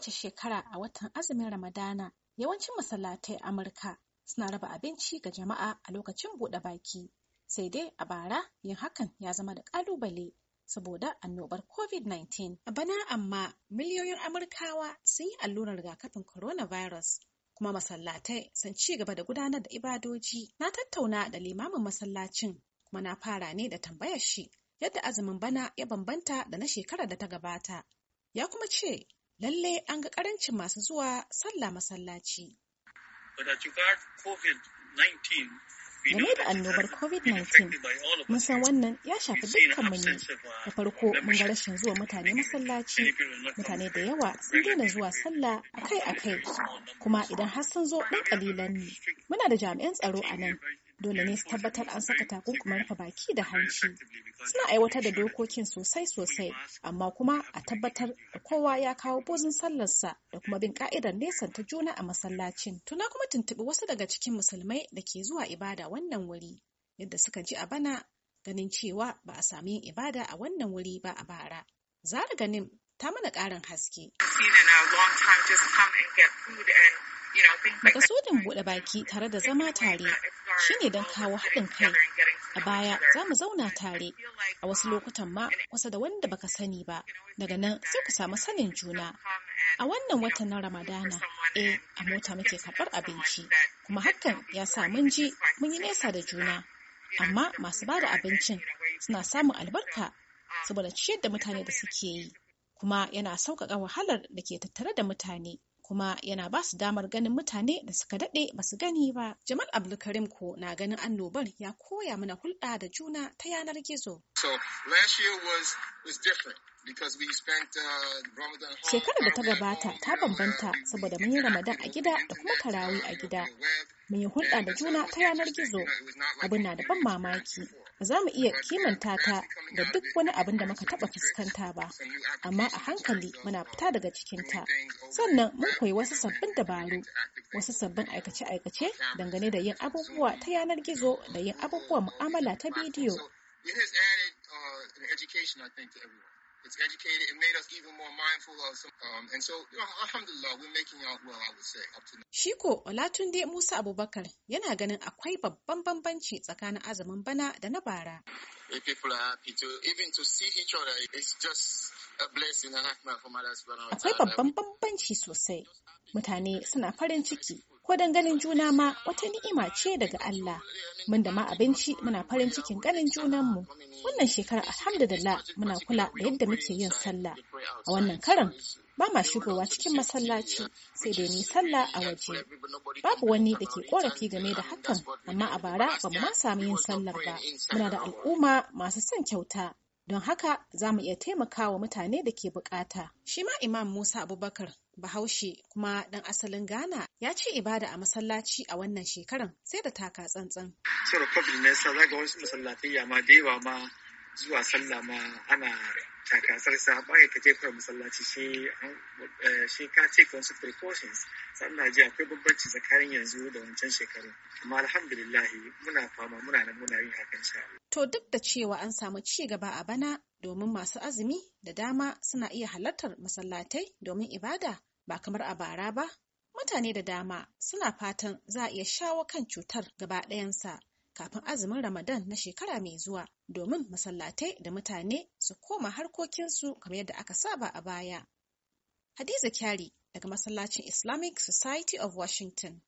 kowace shekara a watan azumin Ramadana yawancin masallatai Amurka suna raba abinci ga jama'a a lokacin buɗe baki. Sai dai a bara yin hakan ya zama da ƙalubale saboda annobar COVID-19. A bana amma miliyoyin Amurkawa sun yi allurar rigakafin coronavirus kuma masallatai sun ci gaba da gudanar da ibadoji. Na tattauna da limamin masallacin kuma na fara ne da tambayar shi yadda azumin bana ya bambanta da na shekarar da ta gabata. Ya kuma ce lalle an ga karancin masu zuwa sallah masallaci. Game da annobar COVID-19, mun san wannan ya shafi dukkanmu ne. Da farko mun ga rashin zuwa mutane masallaci, mutane da yawa sun daina zuwa sallah akai-akai, kuma idan har sun zo ɗan ƙalilan ne. Muna da jami'an tsaro a nan, dole ne su tabbatar an saka takunkumin rufe baki da hanci suna aiwatar da dokokin sosai sosai amma kuma a tabbatar da kowa ya kawo bozin sallarsa da kuma bin ka'idar nesan ta juna a masallacin tuna kuma tuntuɓi wasu daga cikin musulmai da ke zuwa ibada wannan wuri yadda suka ji a bana ganin cewa ba a sami yin ibada a wannan wuri ba a bara zara ganin ta mana ƙarin haske. din buɗe baki tare da zama tare shine don kawo haɗin kai. A baya za mu zauna tare, a wasu lokutan ma kusa da wanda baka sani ba, daga nan sai ku samu sanin juna. A wannan watan na Ramadana, eh a mota muke karɓar abinci, kuma hakan ya sa mun ji mun yi nesa da juna. Amma masu bada abincin suna samun albarka saboda ciyar da mutane da suke yi, kuma yana sauƙaƙa wahalar da ke tattare da mutane. kuma yana ba su damar ganin mutane da suka daɗe ba su gani ba. Jamal Abdulkarim ko na ganin annobar ya koya mana hulɗa da juna ta yanar gizo. Uh, Shekarar da ta gabata ta bambanta saboda mun yi Ramadan a gida da kuma tarawih a gida. mu yi hulɗa da juna ta yanar gizo abin na da ban mamaki ba za mu iya kimanta ta da duk wani abin da muka taɓa fuskanta ba amma a hankali muna fita daga cikinta sannan mun koyi wasu sabbin dabaru wasu sabbin aikace-aikace dangane da yin abubuwa ta yanar gizo da yin abubuwa mu'amala ta bidiyo. Uh, It's educated. It made us even more mindful of some. Um, and so, you know, alhamdulillah, we're making out well, I would say, up to now. Shiko Olatunde Musa Abubakar yana ganin akwai babban bambanci tsakanin azumin bana da na bara. If people are happy to even to see each other, it's just Akwai babban bambanci sosai. Mutane suna farin ciki ko don ganin juna ma wata ni'ima ce daga Allah. Mun da ma abinci muna farin cikin ganin junanmu. Wannan shekarar alhamdulillah muna kula da yadda muke yin sallah. A wannan karan ba ma shigowa cikin masallaci sai dai ni sallah a waje. Babu wani da ke korafi game da hakan amma a bara ba mu ma samu yin sallar ba. Muna da al'umma masu son kyauta Don haka za mu iya taimakawa mutane da ke bukata. Shi ma Imam Musa Abubakar Bahaushe kuma ɗan asalin Ghana ya ce ibada a masallaci a wannan shekaran sai da taka tsantsan. Saboda COVID ne sa zaga wasu masallatai ma da yawa ma zuwa sallah ma ana sa ba ta je kawai masallaci shi eh, ka ce wasu precautions sannan ji akwai bambanci tsakanin yanzu da wancan shekaru amma alhamdulillahi muna fama muna nan muna yin hakan sha to duk da cewa an samu ci gaba a bana domin masu azumi da dama suna iya halartar masallatai domin ibada ba kamar a bara ba mutane da dama suna fatan za a iya shawo kan cutar gaba ɗayansa kafin azumin Ramadan na shekara mai zuwa domin masallatai da mutane su koma harkokinsu kamar yadda aka saba a baya. Hadiza Kyari daga Masallacin Islamic Society of Washington.